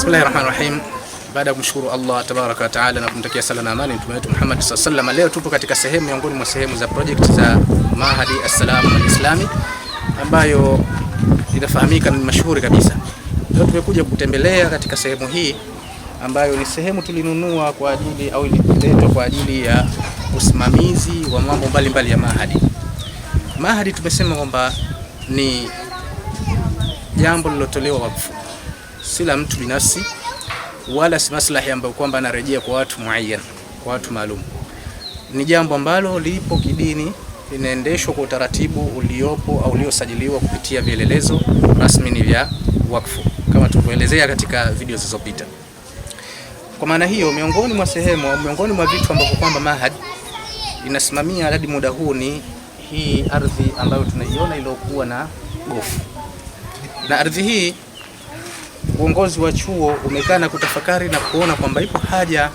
Bismillahir Rahmanir Rahim. Baada ya kumshukuru Allah tabaraka wataala na kumtakia sala na amani mtume wetu Muhammad sallallahu alaihi leo tupo katika sehemu miongoni mwa sehemu za project za Mahadi Assalamu Alislami ambayo inafahamika ni mashuhuri kabisa. Leo tumekuja kutembelea katika sehemu hii ambayo ni sehemu tulinunua kwa ajili au ililetwa kwa ajili ya usimamizi wa mambo mbalimbali ya Mahadi. Mahadi tumesema kwamba ni jambo lilotolewa wakfu si la mtu binafsi wala si maslahi ambayo kwamba anarejea kwa watu muayyan, kwa watu maalum. Ni jambo ambalo lipo kidini, linaendeshwa kwa utaratibu uliopo au uliosajiliwa kupitia vielelezo rasmi vya wakfu kama tulivyoelezea katika video zilizopita. Kwa maana hiyo, miongoni mwa sehemu au miongoni mwa vitu ambavyo kwamba Mahad inasimamia hadi muda huu ni hii ardhi ambayo tunaiona iliyokuwa na gofu, na ardhi hii uongozi wa chuo umekaa na kutafakari na kuona kwamba ipo haja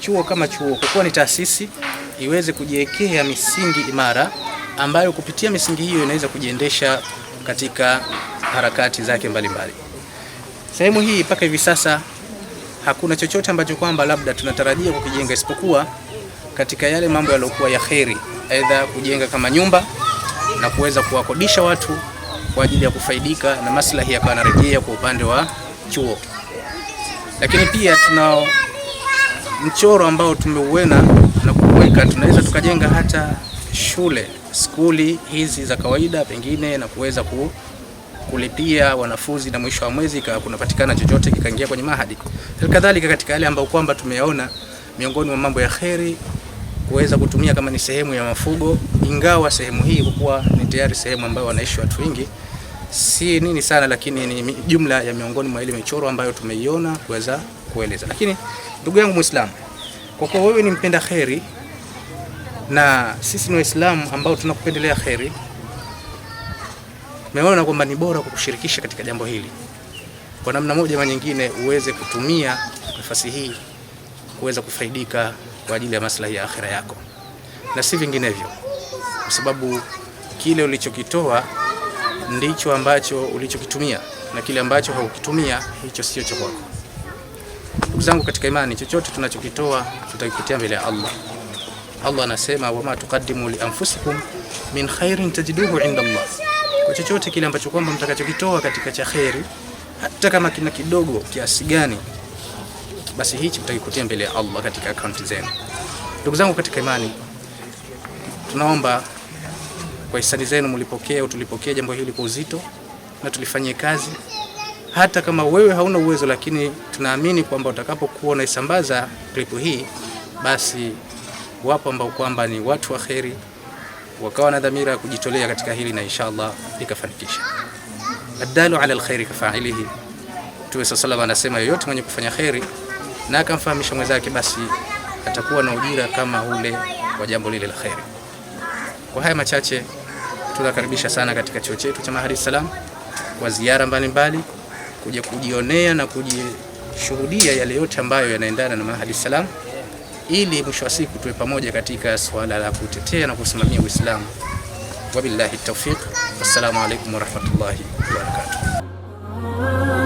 chuo kama chuo, kwa ni taasisi, iweze kujiwekea misingi imara ambayo kupitia misingi hiyo inaweza kujiendesha katika harakati zake mbalimbali. Sehemu hii mpaka hivi sasa hakuna chochote ambacho kwamba labda tunatarajia kukijenga isipokuwa katika yale mambo yaliyokuwa ya kheri, aidha kujenga kama nyumba na kuweza kuwakodisha watu kwa ajili ya kufaidika na maslahi yakawa yanarejea kwa upande wa chuo. Lakini pia tuna mchoro ambao tumeuona na kuweka, tunaweza tukajenga hata shule skuli hizi za kawaida pengine na kuweza ku, kulipia wanafunzi na mwisho wa mwezi kunapatikana chochote kikaingia kwenye mahadi. Halikadhalika katika yale ambayo kwamba tumeyaona miongoni mwa mambo ya kheri kuweza kutumia kama ni sehemu ya mafugo, ingawa sehemu hii hukuwa ni tayari sehemu ambayo wanaishi watu wengi si nini sana, lakini ni jumla ya miongoni mwa ile michoro ambayo tumeiona kuweza kueleza. Lakini ndugu yangu Muislamu, kwa kuwa wewe ni mpenda kheri na sisi ni Waislamu ambao tunakupendelea kheri, meona kwamba ni bora kukushirikisha katika jambo hili kwa namna moja ama nyingine, uweze kutumia nafasi hii kuweza kufaidika kwa ajili ya maslahi ya akhira yako na si vinginevyo, kwa sababu kile ulichokitoa ndicho ambacho ulichokitumia na kile ambacho haukitumia hicho sio cha kwako. Ndugu zangu katika imani, chochote tunachokitoa tutakipitia mbele ya Allah. Allah anasema, wama tuqaddimu li anfusikum min khairin tajiduhu inda Allah, kwa chochote kile ambacho kwamba mtakachokitoa katika cha khairi, hata kama kina kidogo kiasi gani, basi hichi mtakikutia mbele ya Allah katika akaunti zenu. Ndugu zangu katika imani, tunaomba kwa hisani zenu mlipokea au tulipokea jambo hili kwa uzito na tulifanyie kazi, hata kama wewe hauna uwezo, lakini tunaamini kwamba utakapokuwa unaisambaza klipu hii, basi wapo ambao kwamba ni watu wa kheri wakawa na dhamira ya kujitolea katika hili na inshallah ikafanikisha. Adalu ala alkhairi kafailihi, Mtume SAW anasema yoyote mwenye kufanya kheri na akamfahamisha mwenzake, basi atakuwa na ujira kama ule wa jambo lile la kheri. Kwa haya machache tunakaribisha sana katika chuo chetu cha Mahari Salam kwa ziara mbalimbali mbali, kuja kujionea na kujishuhudia yale yote ambayo yanaendana na Mahari Salam ili mwisho wa siku tuwe pamoja katika swala la kutetea na kusimamia Uislamu. Wabillahi tawfiq. Wassalamu alaykum warahmatullahi wabarakatuh.